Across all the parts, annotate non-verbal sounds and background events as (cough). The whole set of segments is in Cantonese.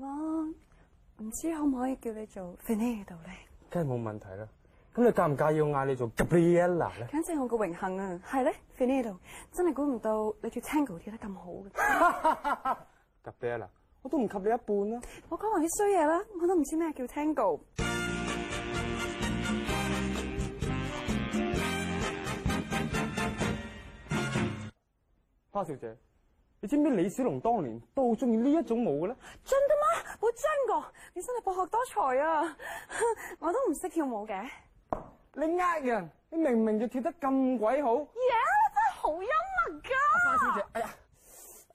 我唔知可唔可以叫你做 Finnie 呢，梗係冇問題啦。咁你介唔介意我嗌你做 Gabriella 咧？簡直我個榮幸啊，係咧，Finnie 度真係估唔到你對 tango 跳得咁好嘅。Gabriella，我都唔及你一半啦。我講話啲衰嘢啦，我都唔知咩叫 tango。花小姐。你知唔知李小龍當年都好中意呢一種舞嘅咧？真噶嗎？好真個，你真係博學多才啊！ (laughs) 我都唔識跳舞嘅。你呃人，你明明就跳得咁鬼好。耶、yeah, 啊，真係好幽默噶！花小姐，哎呀，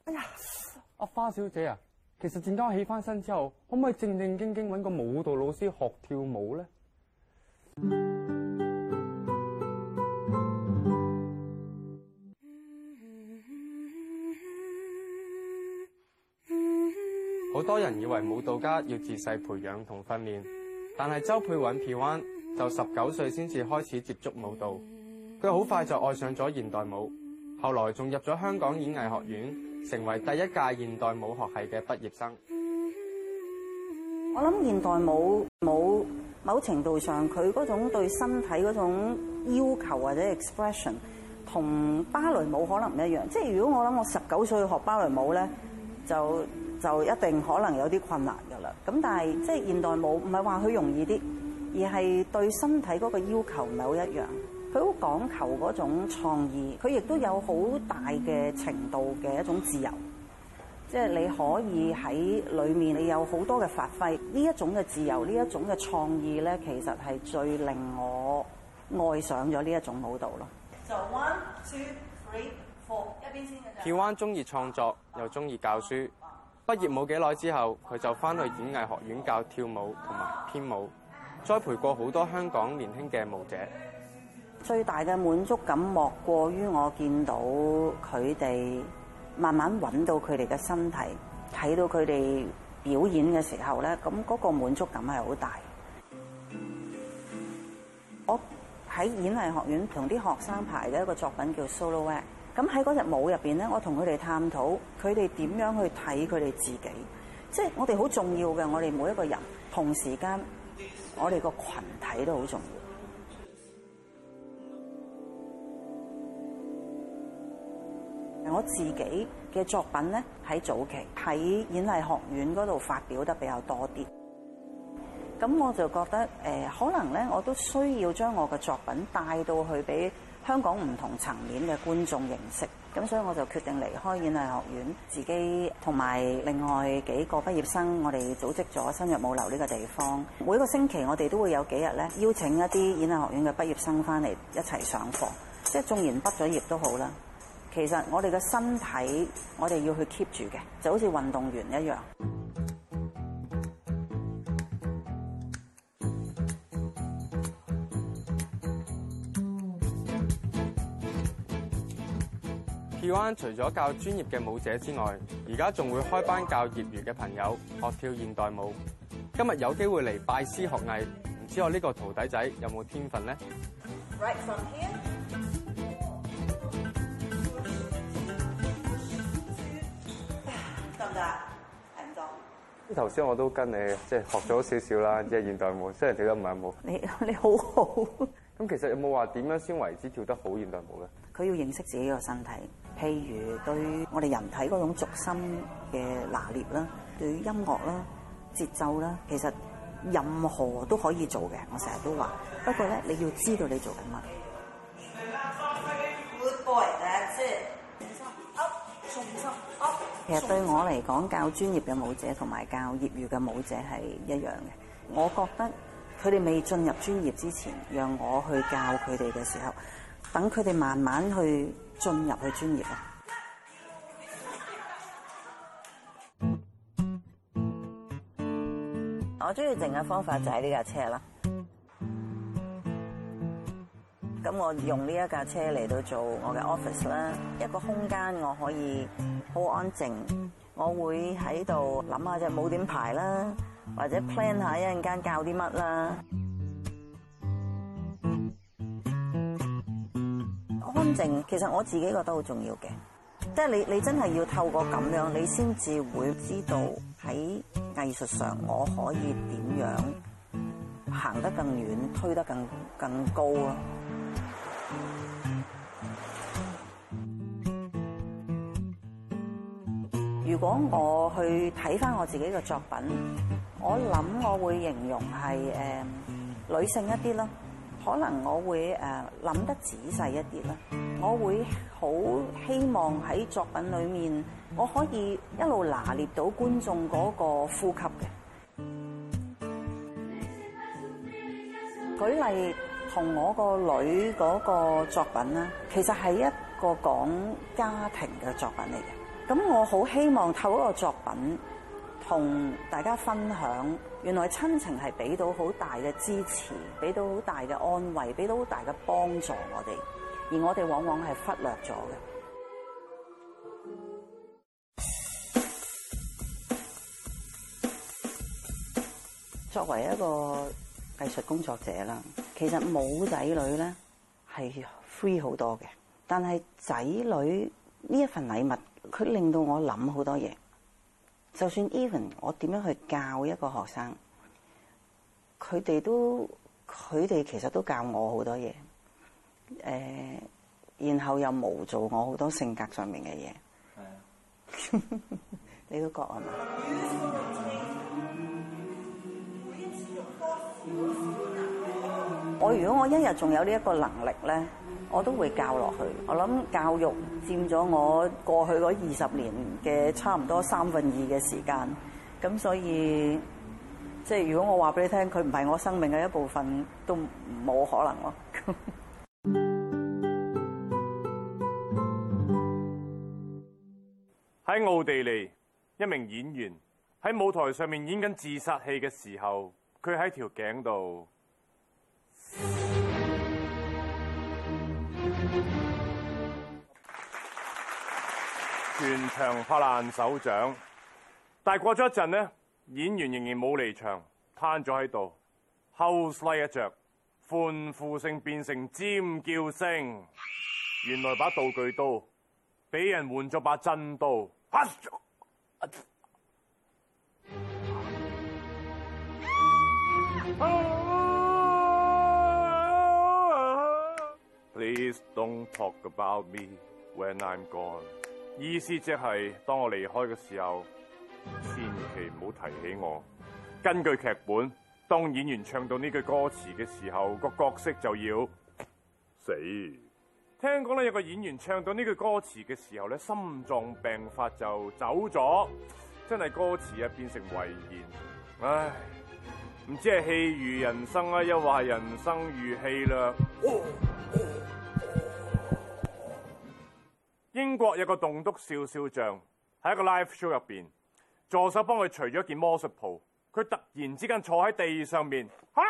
哎呀，阿、哎、呀花小姐啊，其實陣間起翻身之後，可唔可以正正經經揾個舞蹈老師學跳舞咧？嗯多人以為舞蹈家要自細培養同訓練，但係周佩韻皮彎就十九歲先至開始接觸舞蹈，佢好快就愛上咗現代舞，後來仲入咗香港演藝學院，成為第一屆現代舞學系嘅畢業生。我諗現代舞舞某程度上佢嗰種對身體嗰種要求或者 expression，同芭蕾舞可能唔一樣。即係如果我諗我十九歲學芭蕾舞咧，就就一定可能有啲困難嘅啦。咁但係即係現代舞唔係話佢容易啲，而係對身體嗰個要求唔係好一樣。佢好講求嗰種創意，佢亦都有好大嘅程度嘅一種自由。即係你可以喺裡面，你有好多嘅發揮。呢一種嘅自由，呢一種嘅創意咧，其實係最令我愛上咗呢一種舞蹈咯。就、so、One Two Three Four 一邊先。佩韻鍾意創作，又鍾意教書。畢業冇幾耐之後，佢就翻去演藝學院教跳舞同埋編舞，栽培過好多香港年輕嘅舞者。最大嘅滿足感莫過於我見到佢哋慢慢揾到佢哋嘅身體，睇到佢哋表演嘅時候咧，咁嗰個滿足感係好大。我喺演藝學院同啲學生排嘅一個作品叫《Solo a c 咁喺嗰隻舞入面咧，我同佢哋探討佢哋點樣去睇佢哋自己，即係我哋好重要嘅。我哋每一個人同時間，我哋個群體都好重要。我自己嘅作品咧，喺早期喺演藝學院嗰度發表得比較多啲。咁我就覺得，呃，可能咧我都需要將我嘅作品帶到去俾香港唔同層面嘅觀眾認識，咁所以我就決定離開演藝學院，自己同埋另外幾個畢業生，我哋組織咗新約舞流呢個地方。每個星期我哋都會有幾日咧，邀請一啲演藝學院嘅畢業生翻嚟一齊上課，即係縱然畢咗業都好啦。其實我哋嘅身體，我哋要去 keep 住嘅，就好似運動員一樣。跳灣除咗教專業嘅舞者之外，而家仲會開班教業餘嘅朋友學跳現代舞。今日有機會嚟拜師學藝，唔知我呢個徒弟仔有冇天分咧？頭先、right、from from 我都跟你即係、就是、學咗少少啦，即係 (laughs) 現代舞，雖然跳得唔係好，你你好好。咁其實有冇話點樣先為之跳得好現代舞咧？佢要認識自己個身體。譬如對我哋人體嗰種軸心嘅拿捏啦，對於音樂啦、節奏啦，其實任何都可以做嘅。我成日都話，不過咧你要知道你做緊乜。Boy, 其實對我嚟講，教專業嘅舞者同埋教業餘嘅舞者係一樣嘅。我覺得佢哋未進入專業之前，讓我去教佢哋嘅時候，等佢哋慢慢去。進入去專業啊！我中意定嘅方法就係呢架車啦。咁我用呢一架車嚟到做我嘅 office 啦，一個空間，我可以好安靜，我會喺度諗下隻舞點排啦，或者 plan 下一陣間教啲乜啦。其實我自己覺得好重要嘅，即係你你真係要透過咁樣，你先至會知道喺藝術上我可以點樣行得更遠、推得更更高咯。如果我去睇翻我自己嘅作品，我諗我會形容係、呃、女性一啲咯，可能我會誒諗得仔細一啲咯。我會好希望喺作品裏面，我可以一路拿捏到觀眾嗰個呼吸嘅。舉例同我個女嗰個作品啦，其實係一個講家庭嘅作品嚟嘅。咁我好希望透過作品同大家分享，原來親情係俾到好大嘅支持，俾到好大嘅安慰，俾到好大嘅幫助我哋。而我哋往往係忽略咗嘅。作為一個藝術工作者啦，其實冇仔女咧係 free 好多嘅，但係仔女呢一份禮物，佢令到我諗好多嘢。就算 even 我點樣去教一個學生，佢哋都佢哋其實都教我好多嘢。呃、然後又冇做我好多性格上面嘅嘢，的 (laughs) 你都覺係嘛？嗯、我如果我一日仲有呢一個能力咧，我都會教落去。我諗教育佔咗我過去嗰二十年嘅差唔多三分二嘅時間，咁所以即係如果我話俾你聽，佢唔係我生命嘅一部分，都冇可能咯。 (laughs) 喺奧地利，一名演員喺舞台上面演緊自殺戲嘅時候，佢喺條頸度， (music) 全場拍爛手掌。但係過咗一陣呢，演員仍然冇離場，癱咗喺度，齁西一着。歡呼聲變成尖叫聲，原來把道具刀俾人換咗把真刀。Please don't talk about me when I'm gone。意思即係當我離開嘅時候，千祈唔好提起我。根據劇本，當演員唱到呢句歌詞嘅時候，個角色就要死。聽講咧，有個演員唱到呢句歌詞嘅時候咧，心臟病發就走咗，真係歌詞啊變成遺言。唉，唔知係戲如人生啊，又話係人生如戲啦。英國有個棟篤笑笑像，喺一個 live show 入邊，助手幫佢除咗件魔術袍。佢突然之間坐喺地上面，啊、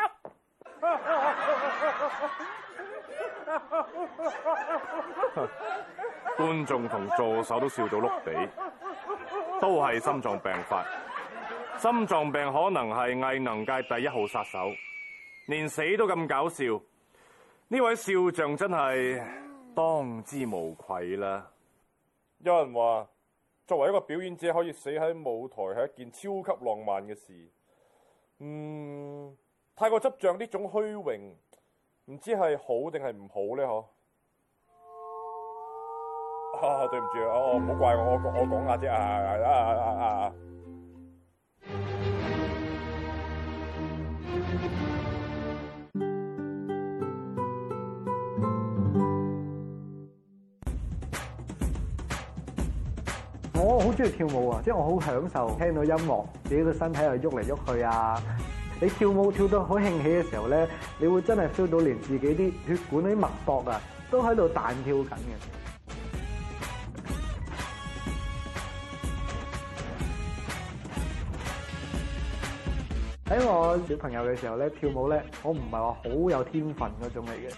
(laughs) 觀眾同助手都笑到碌地，都係心臟病發。心臟病可能係藝能界第一號殺手，連死都咁搞笑。呢位笑匠真係當之無愧啦！有人話。作為一個表演者，可以死喺舞台係一件超級浪漫嘅事。嗯，太過執著呢種虛榮，唔知係好定係唔好咧？嗬。啊，對唔住啊，我唔好怪我，我說我講下啫啊啊啊啊！啊啊啊中意跳舞啊！即係我好享受聽到音樂，自己個身體又喐嚟喐去啊！你跳舞跳到好興起嘅時候咧，你會真係 feel 到連自己啲血管啲脈搏啊，都喺度彈跳緊嘅。喺我小朋友嘅時候咧，跳舞咧，我唔係話好有天分嗰種嚟嘅。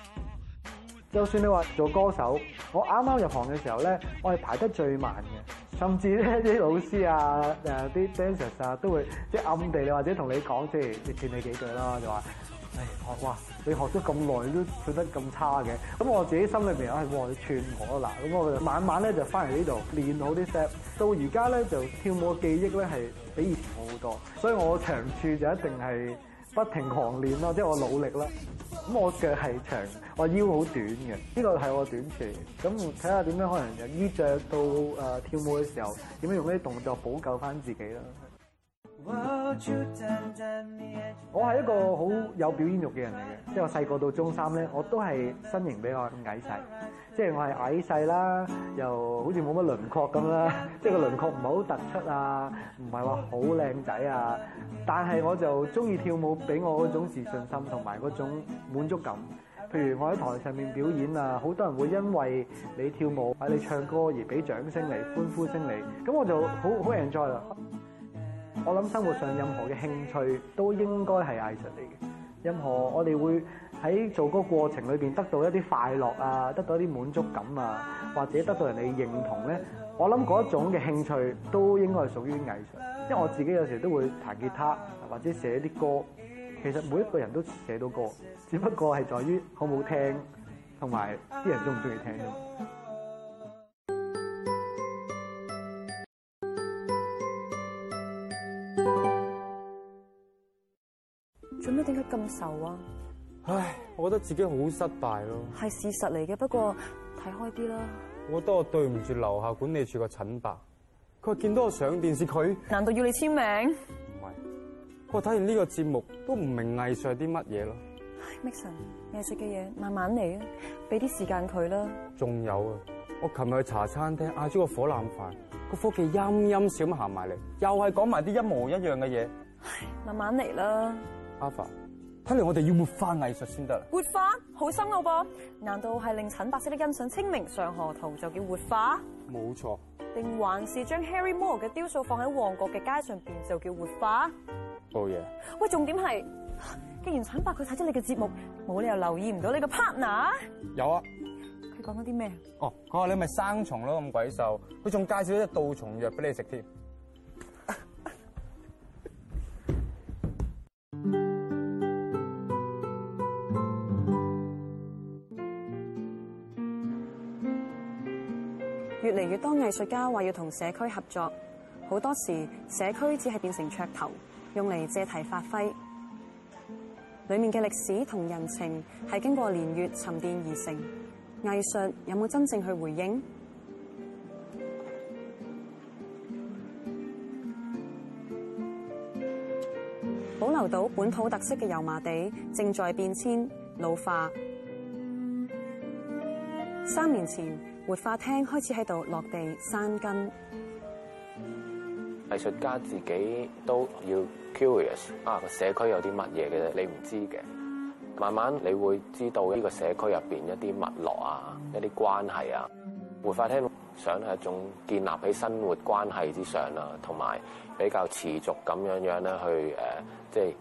就算你話做歌手，我啱啱入行嘅時候咧，我係排得最慢嘅。甚至咧啲老師啊、啲、啊、dancers 啊，都會即係暗地你或者同你講，即係勸你，你幾句啦，就話：誒學哇，你學咗咁耐都跳得咁差嘅，咁我自己心裏面啊，哇，你串我啦，咁我就慢慢咧就翻嚟呢度練好啲 step，到而家咧就跳舞嘅記憶咧係比以前好好多，所以我長處就一定係。不停狂練咯，即係我努力啦。咁我腳係長，我腰好短嘅，呢個係我短處。咁睇下點樣可能由衣着到誒跳舞嘅時候，點樣用啲動作補救返自己啦。我係一個好有表演欲嘅人嚟嘅，即係我細個到中三咧，我都係身形比較矮細，即係我係矮細啦，又好似冇乜輪廓咁啦，即係個輪廓唔係好突出啊，唔係話好靚仔啊，但係我就中意跳舞俾我嗰種自信心同埋嗰種滿足感。譬如我喺台上面表演啊，好多人會因為你跳舞或者你唱歌而俾掌聲嚟歡呼聲嚟，咁我就好好 enjoy 啦。很我諗生活上任何嘅興趣都應該係藝術嚟嘅。任何我哋會喺做個過程裏面得到一啲快樂啊，得到一啲滿足感啊，或者得到人哋認同咧。我諗嗰一種嘅興趣都應該係屬於藝術。因為我自己有時都會彈吉他或者寫啲歌。其實每一個人都寫到歌，只不過係在於好唔好聽同埋啲人中唔中意聽。受啊！唉，我覺得自己好失敗咯，係事實嚟嘅。不過睇、嗯、開啲啦。我覺得我對唔住樓下管理處個陳伯，佢見到我上電視，佢難道要你簽名？唔係，我睇完呢個節目都唔明藝術係啲乜嘢咯。Mixon，藝術嘅嘢慢慢嚟啊，俾啲時間佢啦。仲有啊，我琴日去茶餐廳嗌咗個火腩飯，那個伙計陰陰笑咁行埋嚟，又係講埋啲一模一樣嘅嘢。唉，慢慢嚟啦，阿睇嚟我哋要活化藝術先得啦！活化好深奧噃，難道係令陳伯識得欣賞《清明上河圖》就叫活化？冇沒錯。定還是將 Harry Moore 嘅雕塑放喺旺角嘅街上邊就叫活化？冇嘢？喂，重點係，既然陳伯佢睇咗你嘅節目，冇理由留意唔到你個 partner。有啊他說些什麼。佢講咗啲咩？哦，佢話你咪生蟲咯咁鬼瘦，佢仲介紹一隻杜蟲藥俾你食添。越嚟越多藝術家話要同社區合作，好多時社區只係變成噱頭，用嚟借題發揮。裏面嘅歷史同人情係經過年月沉澱而成，藝術有冇真正去回應？保留到本土特色嘅油麻地正在變遷，老化。三年前，活化廳開始喺度落地生根，藝術家自己都要 curious 啊。個社區有啲乜嘢嘅，你唔知嘅，慢慢你會知道呢個社區入邊一啲脈絡啊，一啲關係啊。活化廳想係一種建立喺生活關係之上啊，同埋比較持續咁樣樣咧去誒，即係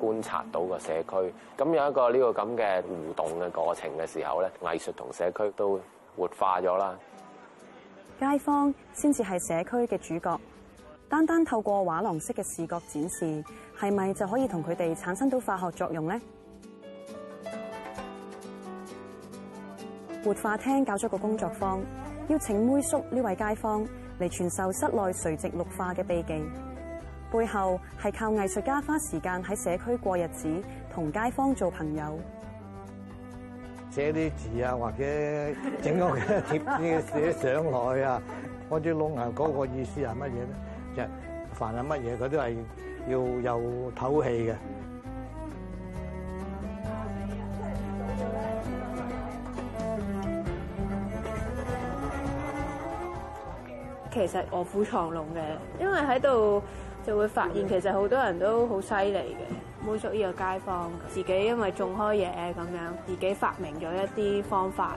觀察到個社區。咁有一個呢個咁嘅互動嘅過程嘅時候咧，藝術同社區都。活化咗啦！街坊先至係社區嘅主角。單單透過畫廊式嘅視覺展示，係咪就可以同佢哋產生到化學作用咧？活化廳搞咗個工作坊，邀請妹叔呢位街坊嚟傳授室內垂直綠化嘅秘技。背後係靠藝術家花時間喺社區過日子，同街坊做朋友。寫啲字啊，或者整個貼紙寫上來啊，嗰啲龍頭嗰個意思係乜嘢咧？就凡係乜嘢，佢都係要又透氣嘅。其實卧虎藏龍嘅，因為喺度，就會發現其實好多人都好犀利嘅，冇屬於呢個街坊自己因為仲開嘢咁樣，自己發明咗一啲方法，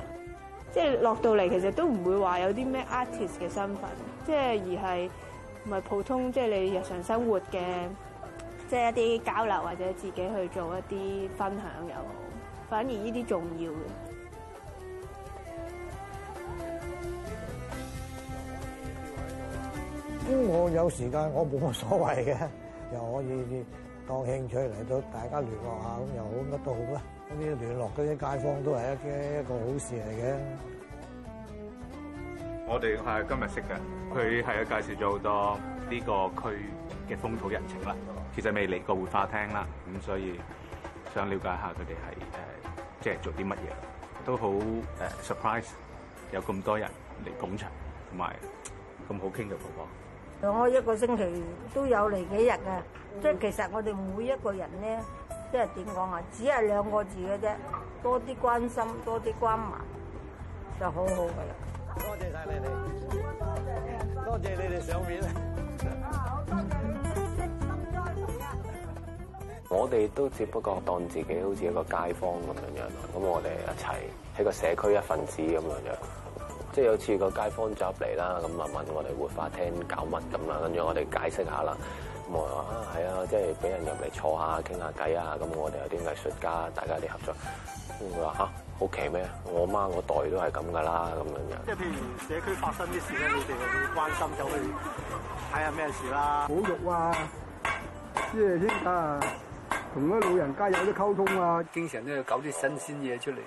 即係落到嚟其實都唔會話有啲咩 artist 嘅身份，即係而係唔係普通，即係你日常生活嘅，即係一啲交流或者自己去做一啲分享又好，反而呢啲重要嘅。咁我有時間，我冇乜所謂嘅，又可以當興趣嚟到大家聯絡下咁又好，乜都好啦。啲聯絡嗰啲街坊都係一嘅一個好事嚟嘅。我哋係今日識嘅，佢係介紹咗好多呢個區嘅風土人情啦。其實未嚟過活化廳啦，咁所以想了解下佢哋係誒，即係做啲乜嘢，都好誒 surprise 有咁多人嚟捧場，同埋咁好傾嘅婆婆。我一個星期都有嚟幾日嘅，即係其實我哋每一個人咧，即係點講啊？只係兩個字嘅啫，多啲關心，多啲關懷，就好好噶啦。多謝晒你哋，多謝你哋上面啊！我哋都只不過當自己好似一個街坊咁樣樣，咁我哋一齊喺個社區一份子咁樣樣。即係有次個街坊走入嚟啦，咁啊問我哋活化廳搞乜咁啦，跟住我哋解釋下啦。咁我話啊，係啊，即係俾人入嚟坐下傾下偈啊，咁我哋有啲藝術家，大家啲合作。佢話吓，好、啊、奇咩？我媽嗰代都係咁㗎啦，咁樣樣。即係譬如社區發生啲事咧，你哋會關心走去睇下咩事啦。保育啊！即係先啊，同啲老人家有啲溝通啊，經常都要搞啲新鮮嘢出嚟。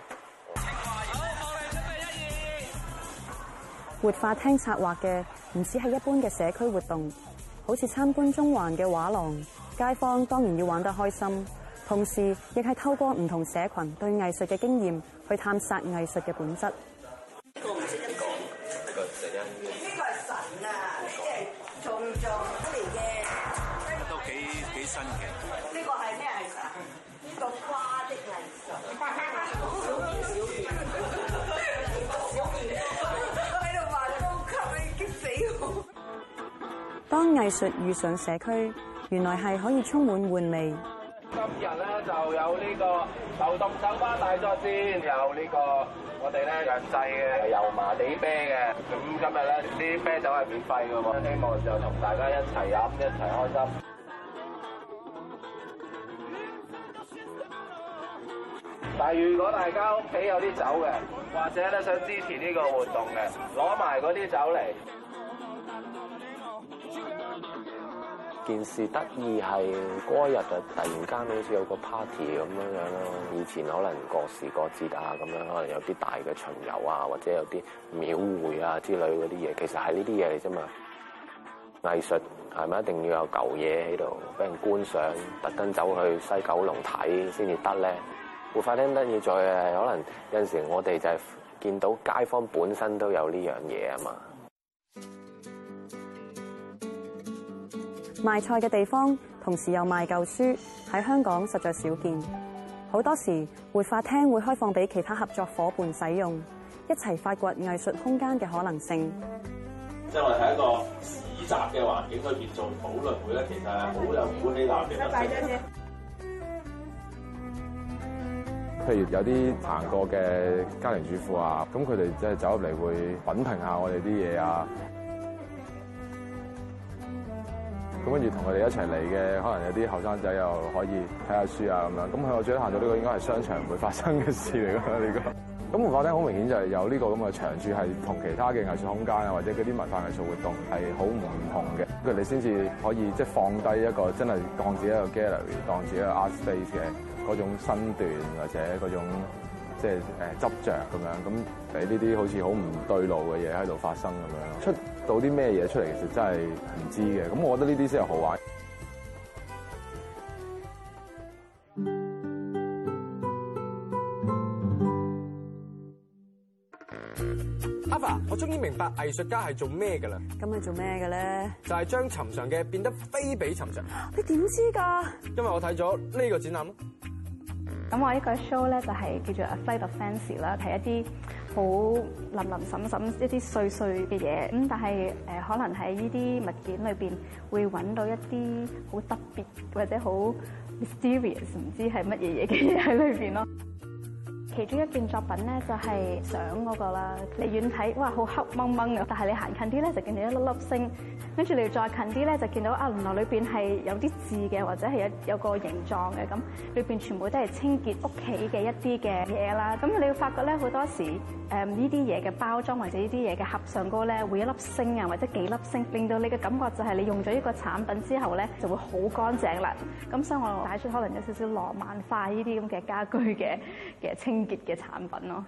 活化廳策劃嘅唔止係一般嘅社區活動，好似參觀中環嘅畫廊，街坊當然要玩得開心，同時亦係透過唔同社群對藝術嘅經驗去探索藝術嘅本質。藝術遇上社區，原來係可以充滿玩味。今日咧就有呢、這個流動酒吧大作戰，有、這個、呢個我哋咧自製嘅油麻地啤嘅，咁今日咧啲啤酒係免費噶喎，希望就同大家一齊飲一齊開心。 (music) 但係如果大家屋企有啲酒嘅，或者咧想支持呢個活動嘅，攞埋嗰啲酒嚟。件事得意係嗰一日就突然間，好似有個 party 咁樣樣咯。以前可能過時過節啊，咁樣可能有啲大嘅巡遊啊，或者有啲廟會啊之類嗰啲嘢，其實是這些東西，係呢啲嘢嚟啫嘛。藝術，係咪一定要有舊嘢喺度俾人觀賞，特登走去西九龍睇先至得咧？活化廳得意在，誒，可能有陣時，我哋就係見到街坊本身都有呢樣嘢啊嘛。賣菜嘅地方，同時又賣舊書，喺香港實在少見。好多時活化廳會開放俾其他合作夥伴使用，一齊發掘藝術空間嘅可能性。即係我哋喺一個市集嘅環境裏邊做討論會咧，其實係好有挑戰性。多謝。譬如有啲行過嘅家庭主婦啊，咁佢哋即係走入嚟會品評下我哋啲嘢啊。跟住同佢哋一齊嚟嘅，可能有啲後生仔又可以睇下書啊咁樣。咁佢我最得閒到呢個應該係商場唔會發生嘅事嚟㗎呢個。咁我覺得好明顯就係有呢個咁嘅場處係同其他嘅藝術空間啊，或者嗰啲文化藝術活動係好唔同嘅。佢你先至可以即係、就是、放低一個真係當自己一個 gallery，當自己一個 art space 嘅嗰種身段或者嗰種。即係誒執着咁樣，咁喺呢啲好似好唔對路嘅嘢喺度發生咁樣，出到啲咩嘢出嚟其實真係唔知嘅。咁我覺得呢啲先係好玩。阿爸，我終於明白藝術家係做咩㗎啦！咁係做咩嘅咧？就係將尋常嘅變得非比尋常。你點知㗎？因為我睇咗呢個展覽咁我呢個 show 咧就係、是、叫做 A Flight of Fancy 啦，睇一啲好林林沈沈、一啲碎碎嘅嘢，咁但係誒、呃、可能喺呢啲物件裏邊會揾到一啲好特別或者好 mysterious 唔知係乜嘢嘢嘅嘢喺裏邊咯。其中一件作品咧就係相嗰個啦，你遠睇哇好黑掹掹嘅，但係你行近啲咧就見到一粒粒星。跟住你要再近啲咧，就見到啊，原來裏邊係有啲字嘅，或者係有有個形狀嘅。咁裏邊全部都係清潔屋企嘅一啲嘅嘢啦。咁你會發覺咧，好多時誒呢啲嘢嘅包裝或者呢啲嘢嘅盒上高咧，會一粒星啊，或者幾粒星，令到你嘅感覺就係你用咗呢個產品之後咧，就會好乾淨啦。咁所以我帶出可能有少少浪漫化呢啲咁嘅家居嘅嘅清潔嘅產品咯。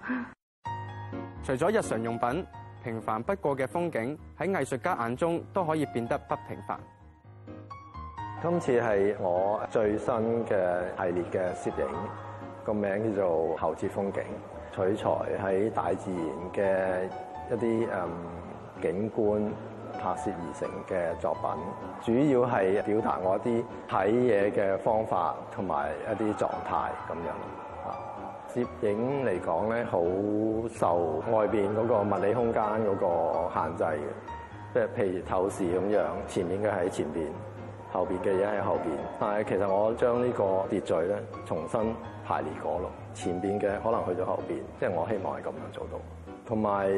除咗日常用品。平凡不過嘅風景喺藝術家眼中都可以變得不平凡。今次係我最新嘅系列嘅攝影，個名叫做後設風景，取材喺大自然嘅一啲，嗯、景觀拍攝而成嘅作品，主要係表達我一啲睇嘢嘅方法同埋一啲狀態咁樣。攝影嚟講咧，好受外面嗰個物理空間嗰個限制嘅，即係譬如透視咁樣，前面嘅喺前面，後邊嘅嘢喺後面。但係其實我將呢個秩序咧重新排列過咯，前面嘅可能去到後面，即係我希望係咁樣做到。同埋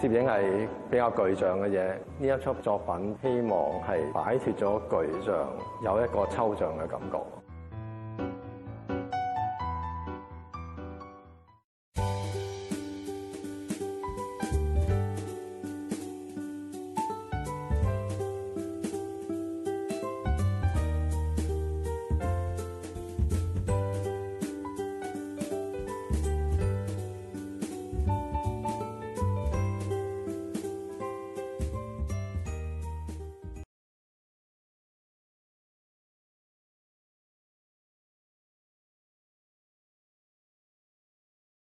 攝影係比較具象嘅嘢，呢一出作品希望係擺脫咗具象，有一個抽象嘅感覺。